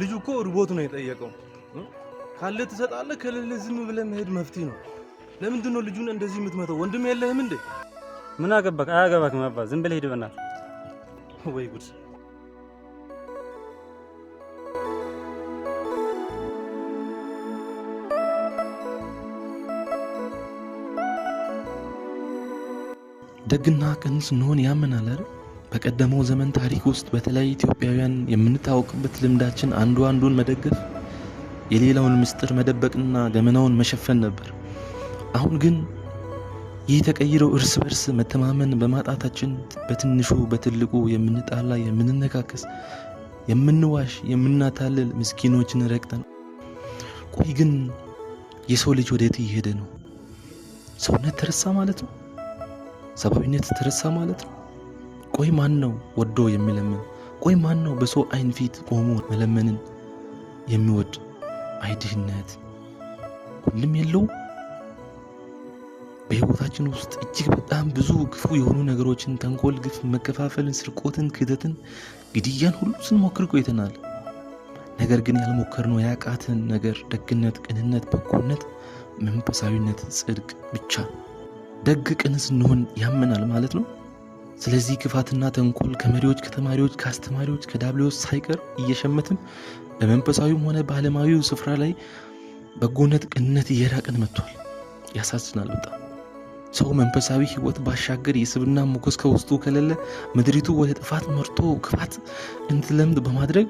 ልጁ እኮ ርቦት ነው የጠየቀው። ካለ ትሰጣለህ፣ ከሌለ ዝም ብለ መሄድ መፍትሄ ነው። ለምንድን ነው ልጁን እንደዚህ የምትመተው? ወንድም የለህም እንዴ? ምን አገባክ? አያገባክም። አባ ዝም ብለ ሄድ በእናትህ። ወይ ጉድ! ደግና ቅን ስንሆን ያምናል አይደል? በቀደመው ዘመን ታሪክ ውስጥ በተለያዩ ኢትዮጵያውያን የምንታወቅበት ልምዳችን አንዱ አንዱን መደገፍ፣ የሌላውን ምስጢር መደበቅና ገመናውን መሸፈን ነበር። አሁን ግን ይህ ተቀይረው እርስ በርስ መተማመን በማጣታችን በትንሹ በትልቁ የምንጣላ፣ የምንነካከስ፣ የምንዋሽ፣ የምናታልል ምስኪኖችን ረግጠን። ቆይ ግን የሰው ልጅ ወዴት እየሄደ ነው? ሰውነት ተረሳ ማለት ነው። ሰብአዊነት ተረሳ ማለት ነው። ቆይ ማን ነው ወዶ የሚለምን? ቆይ ማን ነው በሰው አይን ፊት ቆሞ መለመንን የሚወድ? አይድህነት ሁሉም የለው። በህይወታችን ውስጥ እጅግ በጣም ብዙ ክፉ የሆኑ ነገሮችን፣ ተንኮል፣ ግፍ፣ መከፋፈልን፣ ስርቆትን፣ ክህተትን፣ ግድያን ሁሉ ስንሞክር ቆይተናል። ነገር ግን ያልሞከርነው ያቃትን ነገር ደግነት፣ ቅንነት፣ በጎነት፣ መንፈሳዊነት፣ ጽድቅ ብቻ። ደግ ቅን ስንሆን ያመናል ማለት ነው። ስለዚህ ክፋትና ተንኮል ከመሪዎች፣ ከተማሪዎች፣ ከአስተማሪዎች፣ ከዳብሌዎስ ሳይቀር እየሸመትም በመንፈሳዊም ሆነ በዓለማዊው ስፍራ ላይ በጎነት፣ ቅንነት እየራቅን መጥቷል። ያሳዝናል በጣም ሰው መንፈሳዊ ህይወት ባሻገር የስብና ሞገስ ከውስጡ ከሌለ ምድሪቱ ወደ ጥፋት መርቶ ክፋት እንትለምድ በማድረግ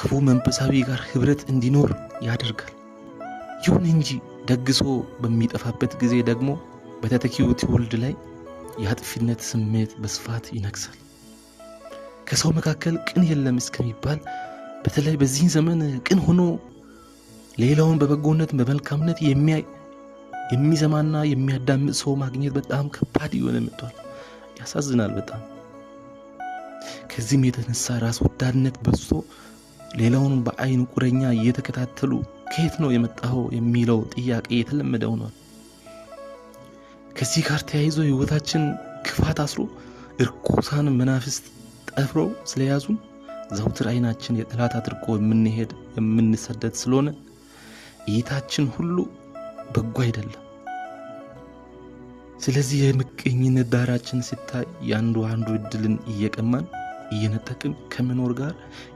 ክፉ መንፈሳዊ ጋር ህብረት እንዲኖር ያደርጋል። ይሁን እንጂ ደግሶ በሚጠፋበት ጊዜ ደግሞ በተተኪው ትውልድ ላይ የአጥፊነት ስሜት በስፋት ይነግሳል። ከሰው መካከል ቅን የለም እስከሚባል በተለይ በዚህ ዘመን ቅን ሆኖ ሌላውን በበጎነት በመልካምነት የሚዘማና የሚያዳምጥ ሰው ማግኘት በጣም ከባድ የሆነ መጥቷል። ያሳዝናል በጣም ከዚህም የተነሳ ራስ ወዳድነት በሶ ሌላውን በአይን ቁረኛ እየተከታተሉ ከየት ነው የመጣኸው የሚለው ጥያቄ የተለመደ ሆኗል። ከዚህ ጋር ተያይዞ ህይወታችን ክፋት አስሮ እርኩሳን መናፍስት ጠፍሮ ስለያዙን ዘውትር አይናችን የጠላት አድርጎ የምንሄድ የምንሰደድ ስለሆነ እይታችን ሁሉ በጎ አይደለም። ስለዚህ የምቀኝነት ዳራችን ሲታይ የአንዱ አንዱ እድልን እየቀማን እየነጠቅን ከመኖር ጋር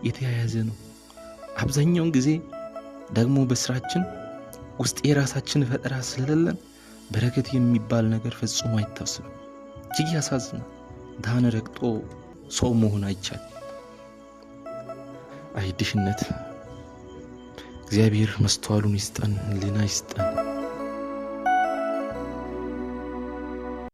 የተያያዘ ነው። አብዛኛውን ጊዜ ደግሞ በስራችን ውስጥ የራሳችን ፈጠራ ስለሌለን በረከት የሚባል ነገር ፈጽሞ አይታሰብም። እጅግ ያሳዝናል። ድሃን ረግጦ ሰው መሆን አይቻልም። አይድሽነት እግዚአብሔር መስተዋሉን ይስጠን፣ ሊና ይስጠን።